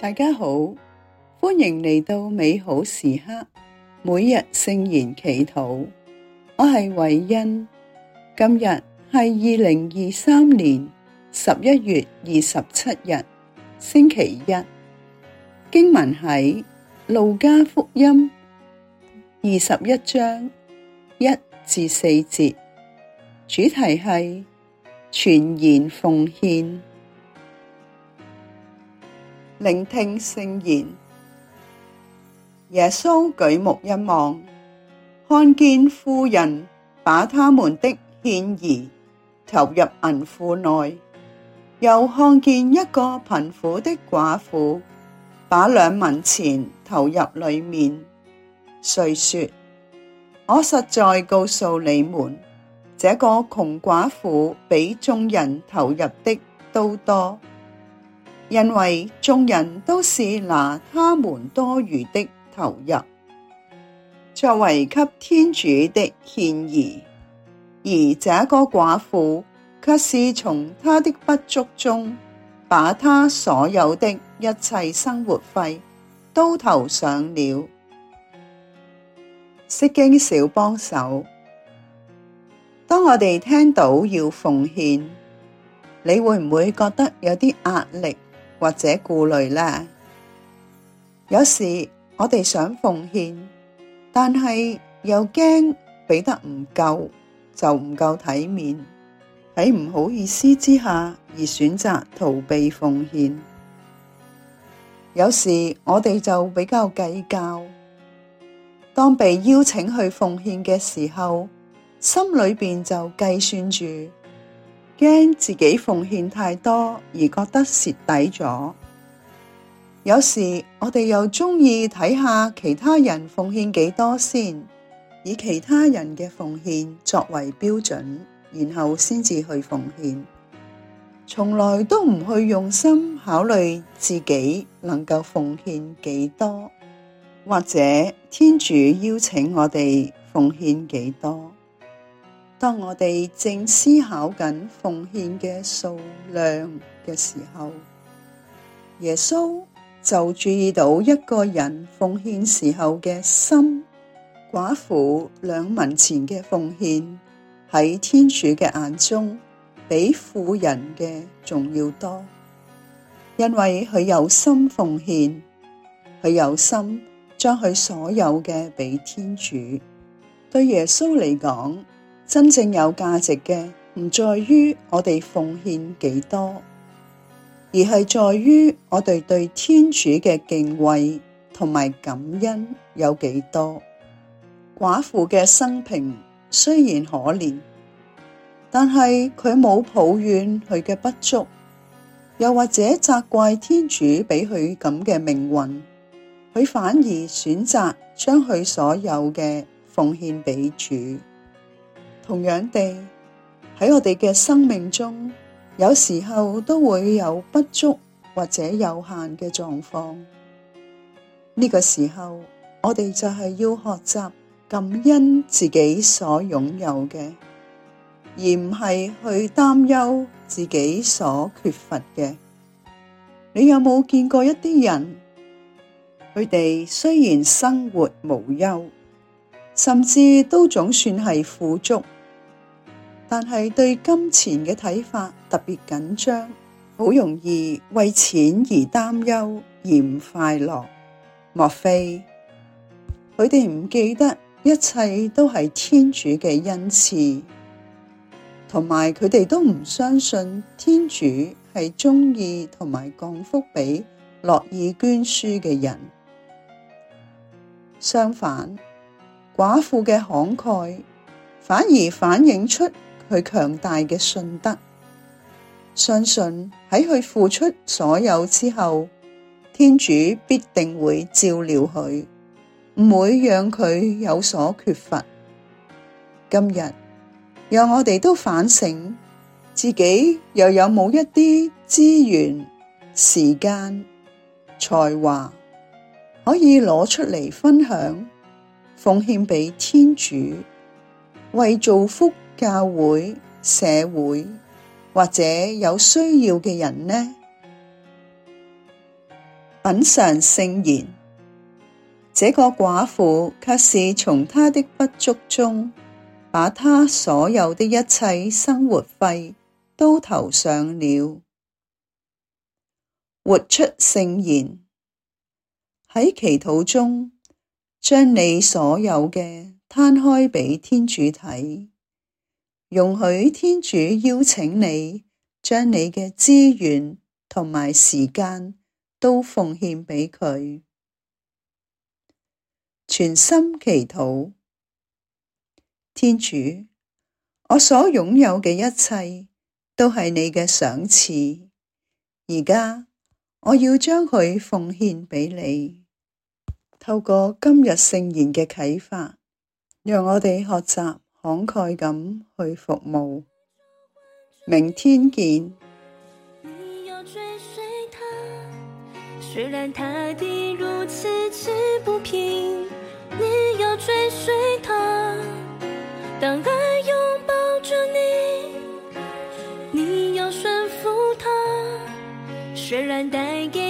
大家好，歡迎嚟到美好時刻，每日聖言祈禱。我係韋恩，今日係二零二三年十一月二十七日，星期一。經文喺路加福音二十一章一至四節，主題係全然奉獻。聆聽聖言，耶穌舉目一望，看見富人把他們的獻儀投入銀庫內，又看見一個貧苦的寡婦把兩文錢投入裡面。遂說：我實在告訴你們，這個窮寡婦比眾人投入的都多。因為眾人都是拿他們多餘的投入，作為給天主的獻儀，而這個寡婦却是從他的不足中，把他所有的一切生活費都投上了。釋經小幫手，當我哋聽到要奉獻，你會唔會覺得有啲壓力？或者顧慮啦，有時我哋想奉獻，但係又驚俾得唔夠，就唔夠體面，喺唔好意思之下而選擇逃避奉獻。有時我哋就比較計較，當被邀請去奉獻嘅時候，心裏邊就計算住。驚自己奉獻太多而覺得蝕底咗，有時我哋又中意睇下其他人奉獻幾多先，以其他人嘅奉獻作為標準，然後先至去奉獻，從來都唔去用心考慮自己能夠奉獻幾多，或者天主邀請我哋奉獻幾多。當我哋正思考緊奉獻嘅數量嘅時候，耶穌就注意到一個人奉獻時候嘅心，寡婦兩文錢嘅奉獻喺天主嘅眼中比富人嘅仲要多，因為佢有心奉獻，佢有心將佢所有嘅俾天主。對耶穌嚟講，真正有價值嘅唔在於我哋奉獻幾多，而係在於我哋對，對天主嘅敬畏同埋感恩有幾多。寡婦嘅生平雖然可憐，但係佢冇抱怨佢嘅不足，又或者責怪天主俾佢咁嘅命運，佢反而選擇將佢所有嘅奉獻俾主。同樣地，喺我哋嘅生命中，有時候都會有不足或者有限嘅狀況。呢個時候，我哋就係要學習感恩自己所擁有嘅，而唔係去擔憂自己所缺乏嘅。你有冇見過一啲人？佢哋雖然生活無憂，甚至都總算係富足。但係對金錢嘅睇法特別緊張，好容易為錢而擔憂，而唔快樂。莫非佢哋唔記得一切都係天主嘅恩賜，同埋佢哋都唔相信天主係鍾意同埋降福俾樂意捐輸嘅人。相反，寡婦嘅慷慨反而反映出。佢強大嘅信德，相信喺佢付出所有之後，天主必定會照料佢，唔會讓佢有所缺乏。今日讓我哋都反省自己，又有冇一啲資源、時間、才華可以攞出嚟分享，奉獻俾天主，為造福。教會、社會或者有需要嘅人呢？品嘗聖言，這個寡婦卻是從她的不足中，把她所有的一切生活費都投上了，活出聖言。喺祈禱中，將你所有嘅攤開俾天主睇。容許天主邀請你，將你嘅資源同埋時間都奉獻畀佢，全心祈禱。天主，我所擁有嘅一切都係你嘅賞賜，而家我要將佢奉獻畀你。透過今日聖言嘅啟發，讓我哋學習。慷慨咁去服務。明天見。你要追隨他，雖然他的路崎嶇不平。你要追隨他。當愛擁抱着你。你要說服他。雖然帶給。